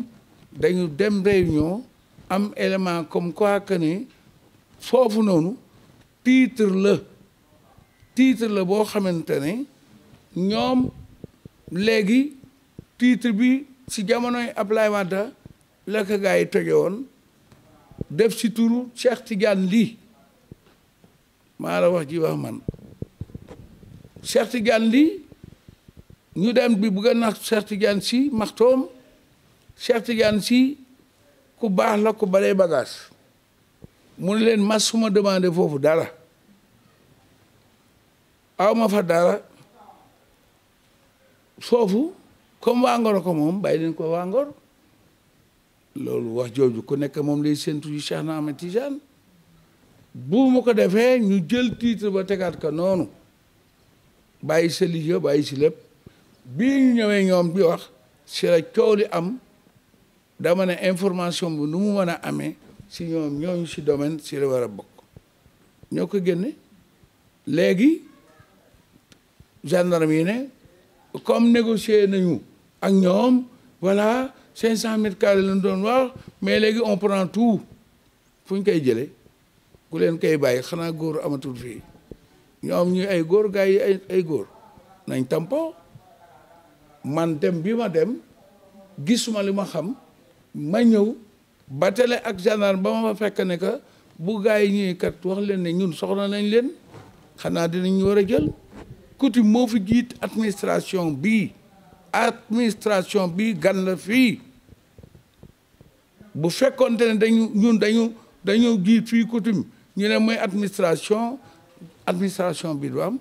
dañu dem réunion am élément comme quoi que ni foofu noonu titre la titre la boo xamante ne ñoom léegi tiitre bi ci jamonoy Ablaye Wade la ko yi toje woon def si turu Cheikh Tidiane Ly maa la wax ji wax man Cheikh Tidiane Ly ñu dem bi bugga a nax Cheikh Tidiane Sy maxtoom Cheikh Tidiane si ku baax la ku baree bagage mu ne leen mas suma demande foofu dara awma fa dara foofu comme waa Ngor ko moom bàyyi leen ko waa Ngor loolu wax jooju ku nekk moom lay séntu yu Cheikh na Ahmed Tidiane bu mu ko defee ñu jël titre ba tegaat ko noonu bàyyi sa liggéey bàyyi si lépp bii ñu ñëwee ñoom bi wax si la coow li am dama ne information bu nu mu mën a amee si ñoom si domaine si la wara bok ñoko génné légui gendarme ne comme négocier nañu ak ñom voilà 500 mètres carrés lañ doon wax mais légui on prend tout fuñ koy jëlé ku leen koy bay xana goor amatul fi ñom ñu ay goor gaay ay ay goor nañ tampo man dem bima dem gisuma li xam ma ñëw ba télé ak gendarme ba ma fekk ne que bu gars yi ñëwee kat wax leen ne ñun soxla nañ leen xanaa dinañ war a jël coutume moo fi jiit administration bii administration bii gan la fii bu fekkoonte ne dañu ñun dañu dañu jiit fii coutume ñu ne mooy administration administration bi du am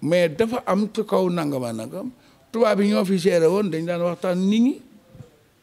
mais dafa am ci kaw nangama nangam tubaab bi ñoo fi géré woon dañ daan waxtaan nit ñi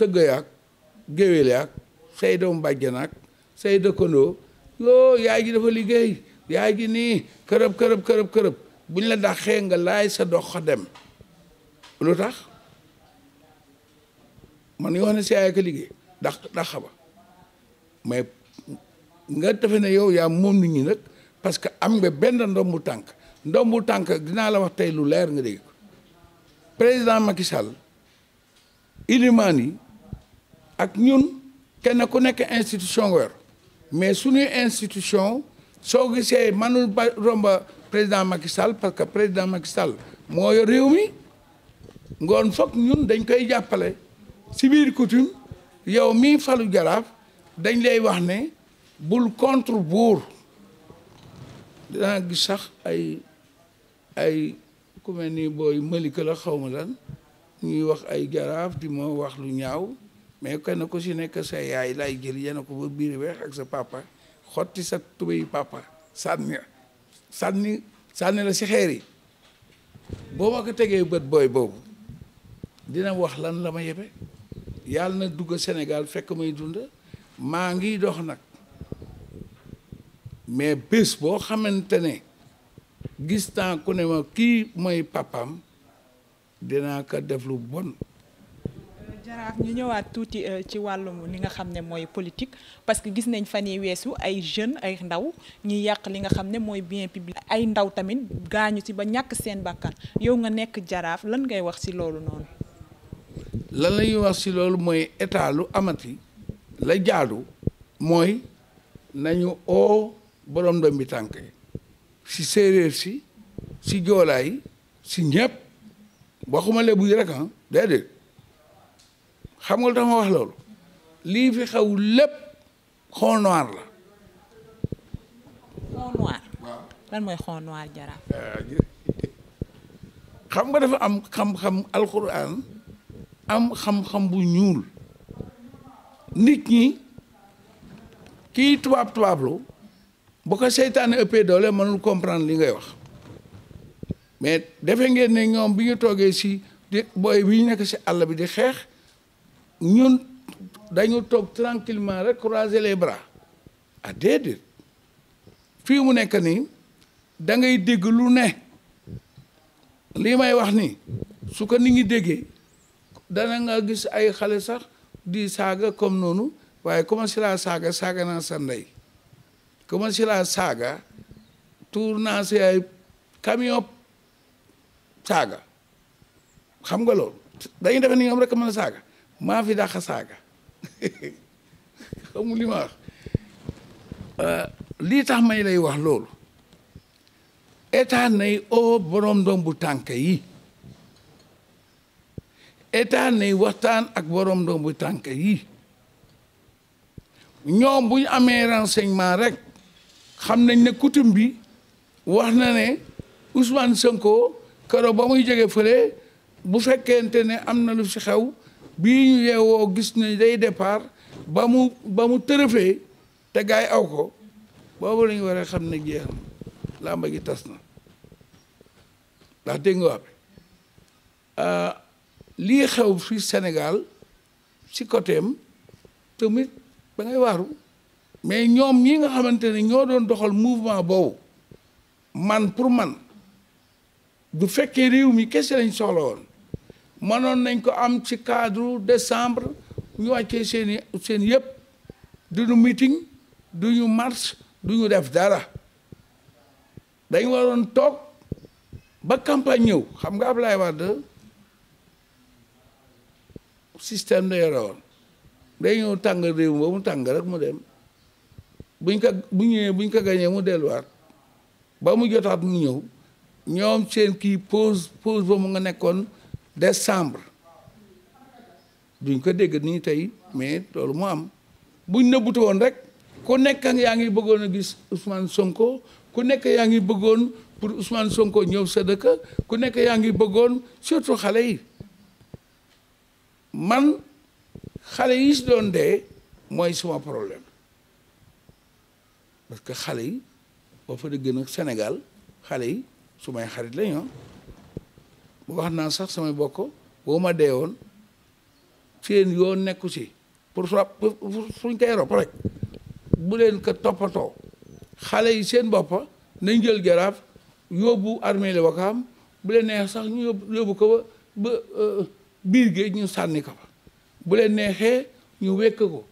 tëgg yaag géwél yaag say doom bàjjan ak say dëkkandoo loo yaay ji dafa liggéey yaay ji nii kërëb kërëb kërëb kërëb buñ la daxee nga laay sa dox dem lu tax man yoo xam ne si yaay ko liggéey mais nga defe ne yow yaa moom nit ñi nag parce que am nga benn ndombu tànk bu tànk dinaa la wax tey lu leer nga dégg ko président Macky Sall yi ak ñun kenn ku nekk institution wer mais suñu institution soo gisee manul ba romba président Macky Sall parce que président Macky Sall moo yor réew mi ngoon foog ñun dañ koy jàppale si biir coutume yow mii falu jaraaf dañ lay wax ne bul contre bour dinaa gis sax ay ay ku mel ni booy Malika la xaw ma lan ñuy wax ay jaraaf di ma wax lu ñaaw mais kenn ko si nekk sa yaay lay jël yéen ko ba biir weex ak sa papa xotti sa tubéy papa sànni sànni sànni la si xeer yi boo ma ko tegee bët booy boobu dina wax lan la ma yebe yàlla na dugg Sénégal fekk may dund maa ngi dox nag mais bés boo xamante ne gis naa ku ne ma kii mooy papam dinaa ko def lu bon jaraaf ñu ñëwaat tuuti euh, ci wàllum li nga xam ne mooy politique parce que gis nañ fan yi weesu ay jeunes ay ndaw ñuy yàq li nga xam ne bien public ay ndaw tamit gaañu ci ba ñàkk seen bakkan yow nga nekk jaraaf lan ngay wax ci loolu lan wax ci état lu amati la jaadu mooy nañu o borom ndombi si séeréer si si si nyap, waxuma lebu yi rek ah, xam nga dama wax loolu lii fi xew lépp xon noir la. xon noir. lan mooy xon noir jaraaf. Eh, xam nga dafa am xam-xam alquran am xam-xam bu ñuul nit ñi kii tubaab lu bu ko seytaane ëppee doole mënul comprendre li ngay wax mais defe ngeen ne ñoom bi ñu toogee si di booy bi ñu nekk si àll bi di xeex ñun dañu tok tranquillement rek croiser les bras a ah, déedéet fi mu nek ni da ngay deg lu ne lii may wax ni su ko ngi degge da na nga gis ay xalé sax di saga comme noonu waaye commencé saga, saga saga na sa ndey commencé laa saaga tuur naa si ay camion saga xam nga loolu dañu def ni rek man saga maa fi dàq saaka <laughs> xamul li ma wax euh, lii tax may lay wax loolu état nay oo borom ndombu tànk yi état nay waxtaan ak borom ndombu tànk yi ñoom bu amee renseignement rek xam nañ ne coutume bi wax na ne Ousmane Sonko kero ba muy jóge fële bu fekkente ne am na lu ci xew bii ñu yeewoo gis ne day départ ba mu ba mu tërëfee te gaay aw ko boobu la ñu xam ne jeex na làmba gi tas na ndax dégg nga wax ah, lii xew fii Sénégal si côté am tamit ba ngay waaru mais ñoom ñi nga xamante ne ñoo doon doxal mouvement boobu man pour man du fekkee réew mi kese lañ soxla woon mënoon nañ ko am ci cadre decembre ñu wàccee seen i seen yëpp duñu meeting duñu marche duñu def dara dañ waroon toog ba campagne ñëw xam nga Ablaye Wade système da yore woon day ñëw tàng réew ba mu tàng rek mu dem buñ ko bu ñëwee buñ ko gañee mu delluwaat ba mu jotaat mu ñëw ñoom seen kii pause pose ba mu nga nekkoon décembre duñ ko dégg ni tey mais loolu moo am buñ nëbbutu woon rek ku nekk yaa ngi bëggoon a gis Ousmane Sonko ku nekk yaa ngi bëggoon pour Ousmane Sonko ñëw sa dëkk ku nekk yaa ngi bëggoon surtout xale yi man xale yi si doon dee mooy suma problème parce que xale yi boo fa dëgg nag Sénégal xale yi sumay xarit wax naa sax samay bokk boo ma dee woon seen yoon nekku ci pour soo suñ koy rob rek bu leen ko toppatoo xale yi seen boppa nañ jël jaraaf yóbbu armée li wakaam bu leen neex sax ñu yóbbu ko ba euh, biir géej ñu sànni ko fa bu leen neexee ñu wekk ko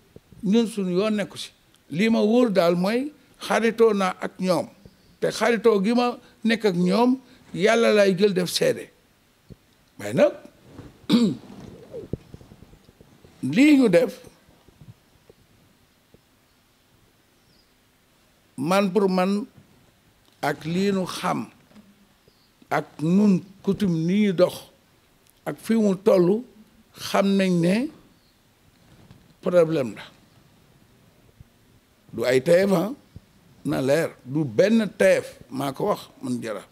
ñun suñu yoon nekku si lii ma wóor daal mooy xaritoo naa ak ñoom te xaritoo gi ma nekk ak ñoom yàlla lay jël def seede may nag <clears throat> lii ñu def man pour man ak lii ñu xam ak nun coutume ni dox ak fi mu toll xam nañ ne problème la du ay teef ah, na leer du benn teef maa ko wax mën jara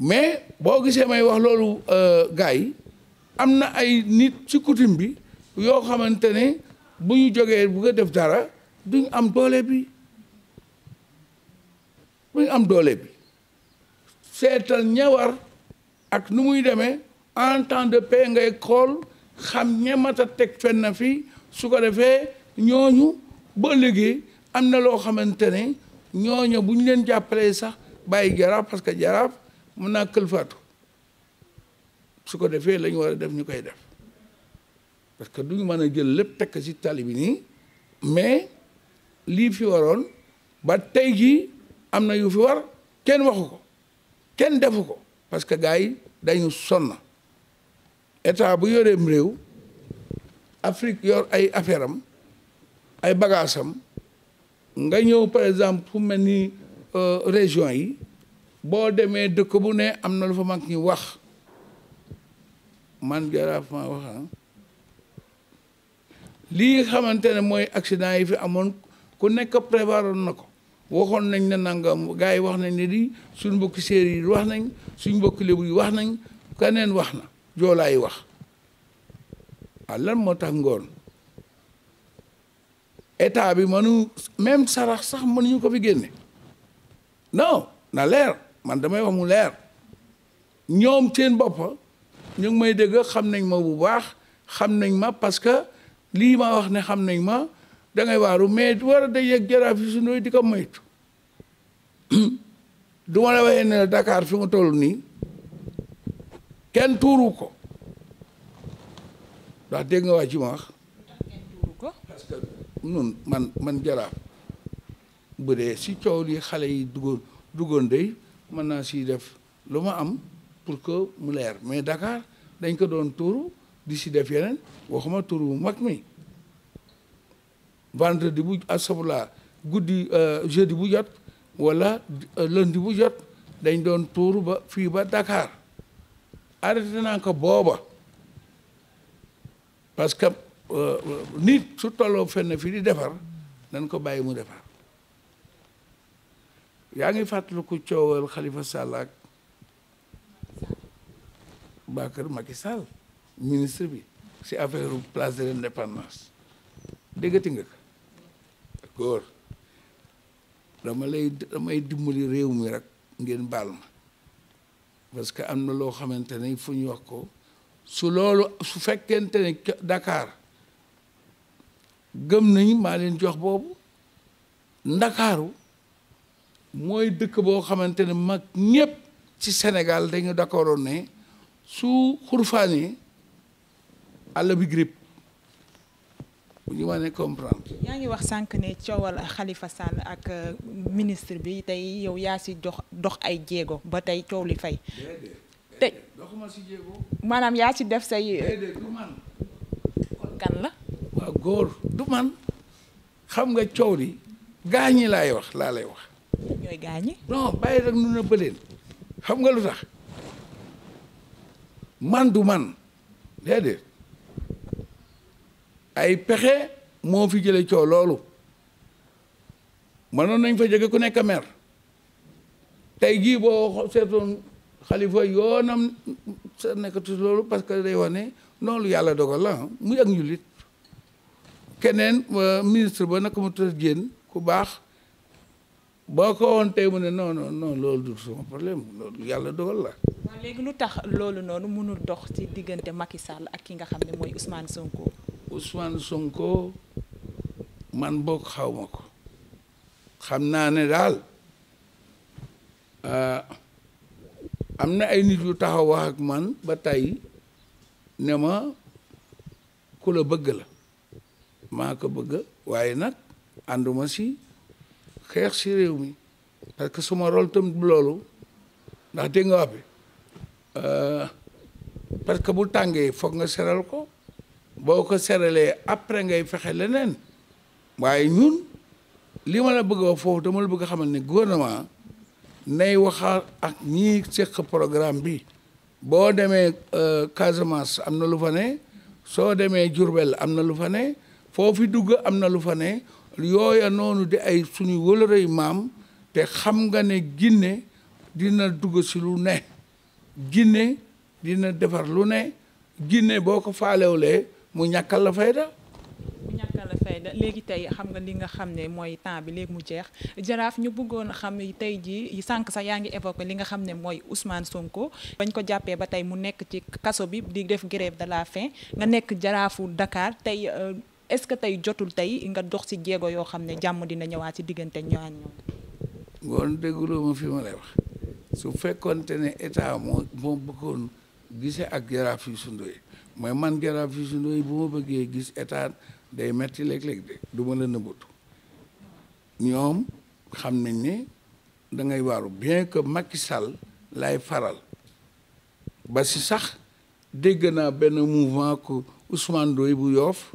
mais bo gisé may wax loolu euh yi am ay nit ci coutume bi yo xamantene ne bu ñu jógee bu nga def dara duñ am doole bi duñ am doole bi sétal ñawar ak nu muy démé en temps de paix ngay xol xam mata tek fenn fi su ko défé ñoñu ba léegi am na xamantene ñoño ne leen jappalé sax bàyyi jaraaf parce que jaraaf mun naa këlfaatu su ko defee la war a def ñu koy def parce que duñu mën a jël lépp tekk si tali bi nii mais lii fi waroon ba tey jii am na yu fi war kenn waxu ko kenn defu ko parce que gars yi dañu sonn état bu yoreem réew Afrique yor ay affaire am ay bagaasam nga ñëw par exemple fu mel ni euh, région yi boo demee dëkk bu ne am na lu fa mag ñu wax man jaraaf ma wax ah. lii xamante ne mooy accident yi fi amoon ku nekk prévaroon na ko waxoon nañ ne nangam gars yi wax nañ ne di suñ mbokki séeréer yi wax nañ suñ mbokki lébu yi wax nañ keneen wax na joolaa yi wax waaw ah, lan moo tax ngoon état bi mënu même sarax sax mënuñu ko fi génne non na leer man damay wax mu leer ñoom seen boppa ñu may dégg xam nañ ma bu baax xam nañ ma parce que lii ma wax ne xam nañ ma dangay waaru mais war a dajeeg jaraaf yi sundoy di ko moytu <clears throat> du ma la waxee ne Dakar fi mu toll nii kenn tuuru ko ndax dégg nga wax ci ma wax que nun man man jaraaf bu dee si coow li xale yi duggoon duggoon day mën naa si def lu ma am pour que mu leer mais Dakar dañ ko doon tuuru di si def yeneen waxuma tuuru bu mag mi vendredi bu asabla guddi euh, jeudi bu jot wala euh, lundi bu jot dañ doon tuuru ba fii ba dakaar arrêté naa ko booba parce que euh, nit su tolloo fenn fii di defar nañ ko bàyyi mu defar yaangi fatlu ku ciowal Khalifa salak Bakar Makisal, ministre bi si affaire place de l'indépendance degati nga ko d'accord dama lay damay dimbali rew mi rek ngeen baal ma parce que amna lo xamantene fuñu wax ko su lolu su fekenteene Dakar gem nañ ma len jox bobu ndakarou mooy dëkk boo xamante ne mag ñëpp ci Sénégal dañu d'accordoon ne su xurfaani àll bi grippe bu ñu yaa ngi wax sànq ne coowal xalifa Sall ak euh, ministre bi tey yow yaa si dox dox ay jéego ba tey coow li fay. te doxuma si maanaam yaa si def say. Euh, déedéet kan la. waaw góor du man xam nga coow li gaañ ñi laay wax laa lay wax. ñooy gaañi non bàyyi rek nu na bëleen xam nga lu tax man du man déedéet ay pexe moo fi jële coow loolu mënoon nañ fa jóge ku nekk mer tey jii boo seetoon xalifa yoonam sa nekkatu loolu parce que day wax ne noonu yàlla dogal la muy ak ñulit keneen euh, ministre ba naka mu tës génn ku baax boko on woon ne non non non lolou du sama problème lolou yalla dogal la. legui léegi lu tax loolu noonu mënul dox ci diggante Macky Sall ak ki nga xam moy Ousmane Sonko. Ousmane Sonko man bok xawmako xamna ko xam naa ne ah, ay nit yu taxaw ak man ba tay ne ma bëgg la mako ko waye nak anduma ci xeex si réew mi parce que suma rôle tam loolu ndax dégg nga wax euh, parce que bu tàngee foog nga seral ko boo ko seralee après ngay fexe leneen waaye ñun li ma la bëgg wax foofu dama la bëgg xamal ne gouvernement nay waxaat ak ñii seq programme bi boo demee euh, Casamance am na lu fa ne soo demee Diourbel am na lu fa ne foofi dugg am na lu fa ne yooya noonu di ay suñu yu maam te xam nga ne Guinée dina dugg si lu ne ginne dina defar lu ne Guinée boo ko faalewulee mu ñàkkal la fayda mu ñàkkal léegi tey xam nga li nga xam ne mooy temps bi léegi mu jeex jaraaf ñu bëggoon xam tey ji sànq sax yaa ngi évoqué li nga xam ne mooy usmaan Sonko bañ ko jàppee ba tey mu nekk ci kaso bi di def grève de la nga nekk jaraafu Dakar tey euh, est-ce que tay jotul tay nga dox ci jéego yo xamne jamm dina ñëwaat ci diggante ñaan ñoom. ngoon dégguloo ma fi ma lay wax su fekkonté né état mo moo bëggoon gisé ak jaraaf yu sundoy moy man yu sundoy bu mo bëggé gis état day metti lék lék de du ma la nëbbatu ñoom xam nañ ne da ngay waru bien que Macky Sall lay faral ba ci sax dégg na benn mouvement ko Ousmane Doy bu yoof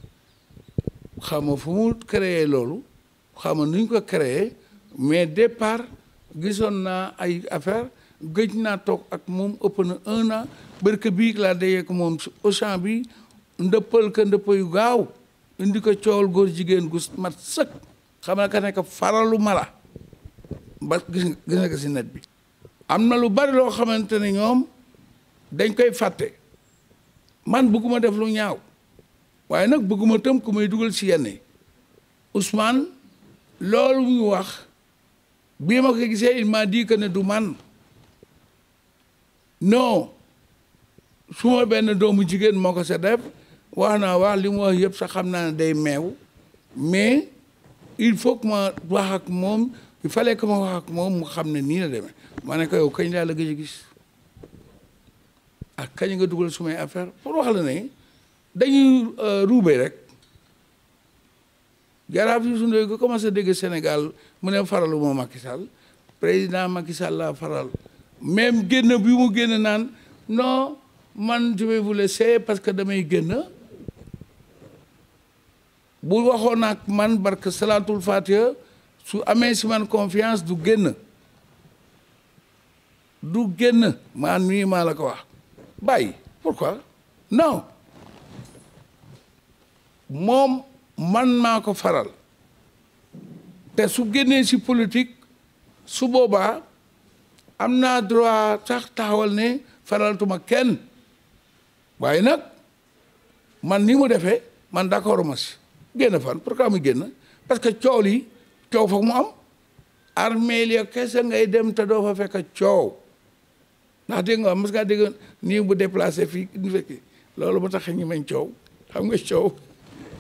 xawma fu mu créé loolu xawma nu ñu ko créé mais départ gisoon naa ay affaire gëj naa toog ak moom ëpp na un an barke bii laa dayeek moom Auchan bi ndëppal ka ndëppa yu gaaw indi ko coowal góor jigéen gu mat sëkk xam na ka nekk faralu mala ba gis gis si net bi am na lu bari loo xamante ne ñoom dañ koy fàtte man bëgguma def lu ñaaw waaye nag bëgguma tam ku may dugal ci yenn Ousmane loolu muy wax bii ma ko gisee il m'a dit que ne du man non su benn doomu jigéen moo ko sa def wax naa wax li wax yëpp sa xam naa ne day meew mais il faut que ma wax ak moom il fallait ma wax ak moom xam ne nii la demee ma ne ko kañ laa la gëj a gis ak kañ nga dugal sumay affaire pour wax la ne dañuy euh, ruubee rek jaraaf Youssou Ndoye ko commencé dégg Sénégal mu ne faralu moo Macky président Macky laa faral même génn bi mu génn naan non man je vais vous parce que damay génn bu waxoon ak man barke salaatul fatiha su amee si man confiance du génn du génn maa nuyu maa la ko wax bàyyi pourquoi non mom man mako faral te su génnee ci politique su boba amna droit tax taxawal ne faraltuma kenn waye nak man ni mu defee man d'accord ma ci génn fan pourquoi mu génn parce que ciowli ciow fa mu am armée li kese ngay dem te do fa fekk ciow na dégg nga mus ga dégg ni bu fi ni fekk lolu ba tax ñu mañ ciow xam nga ciow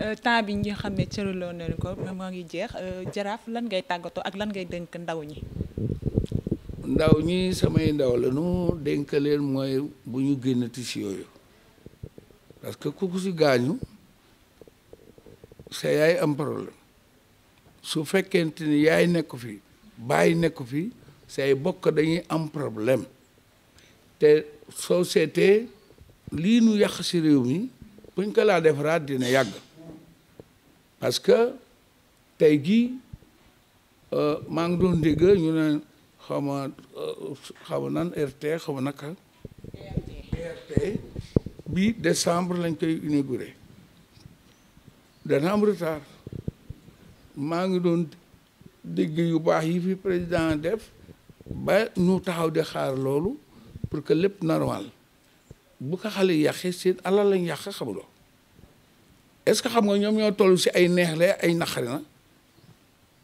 Euh, temps bi nga xam ne cëraloo nañu ko maa ngi jeex euh, jaraaf lan ngay tàggatoo ak lan ngay dénk ndaw ñi. ndaw ñi samay ndaw la nu dénk leen mooy bu ñu génnati si yooyu parce que ku si gaañu sa yaay am problème su fekkent ni yaay nekku fi bàyyi nekku fi say bokk dañuy am problème te société lii nu yàq si réew mi buñ ko laa def defaraat dina yàgg. parce que tey jii euh, maa ngi doon dégg ñu ne xaw ma euh, xaw ma nan RT xaw ma naka e RT e bi décembre lañ koy inauguré dana am retard maa ngi doon dégg yu baax yi fi président def ba ñu taxaw de xaar loolu pour que lépp normal bu ko xale yàqee seen alal lañ yàq xamuloo est-ce que xam nga ñoom ñoo tollu si ay neex la ay naqari na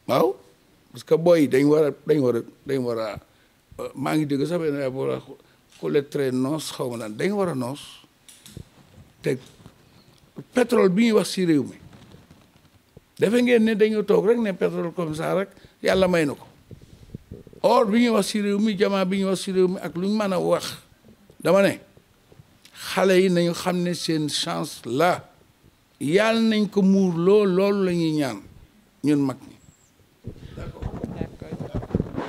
waaw parce que booy dañ war a dañ war a dañ war a euh, maa ngi dégg sax benn bo ku le train dañ war a noos teg petrole bi ñuy wax si réew mi defe ngeen ne dañu toog rek ne pétrole comme ça rek yàlla may na ko or bi ñuy wax si réew mi jamaa bi ñuy wax si réew mi ak lu ñu mën a wax dama ne xale yi nañu xam ne seen chance la yal nañ ko mur lo lolou lañuy ñaan ñun mag ñi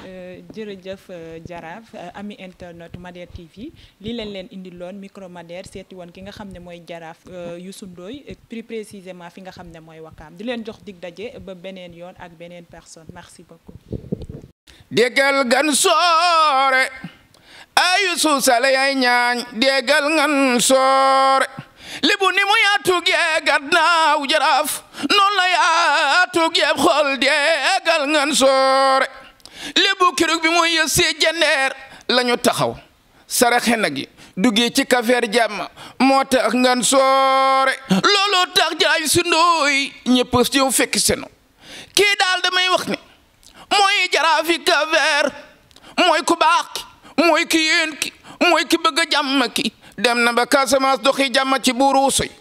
euh, jërëjëf euh, jaraaf euh, ami internet Mader TV li lañ leen indi loon micro Mader seeti won ki nga xamne moy mooy jaraaf Youssou Ndoye plus précisément fi nga xamne moy wakam di leen jox dig dajé ba benen yoon ak benen personne merci beaucoup degal gan sore ay Youssou sale ay ñaan degal ngan sore libu ni mu yaatug yee gannaaw jaraaf noonu la yaatug yee xol deegal ngan soore libu kirug bi mu yësi jendeer lañu taxaw saraxe nag yi duggee ci kafeer jàmm moo tax ngan soore looloo tax jaay su ndooy ñëpp siw fekk seno kii daal damay wax ni mooy jaraafi kafeer mooy ku baax ki mooy ki yéen ki mooy ki bëgg a ki dem na ba Casamance doxi jàmm ci buuru Oussouye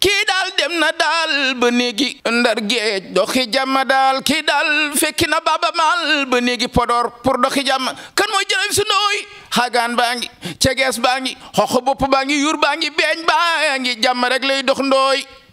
kii daal dem na daal ba néegi ndar géej doxi jàmm daal kii daal fekki na baaba maal ba néegi Podor pour doxi jàmm kan mooy jërëjëf si nooy xagaan baa ngi cegees baa ngi xoxo bopp baa ngi yur baa ngi beeñ baa ngi jàmm rek lay dox ndooy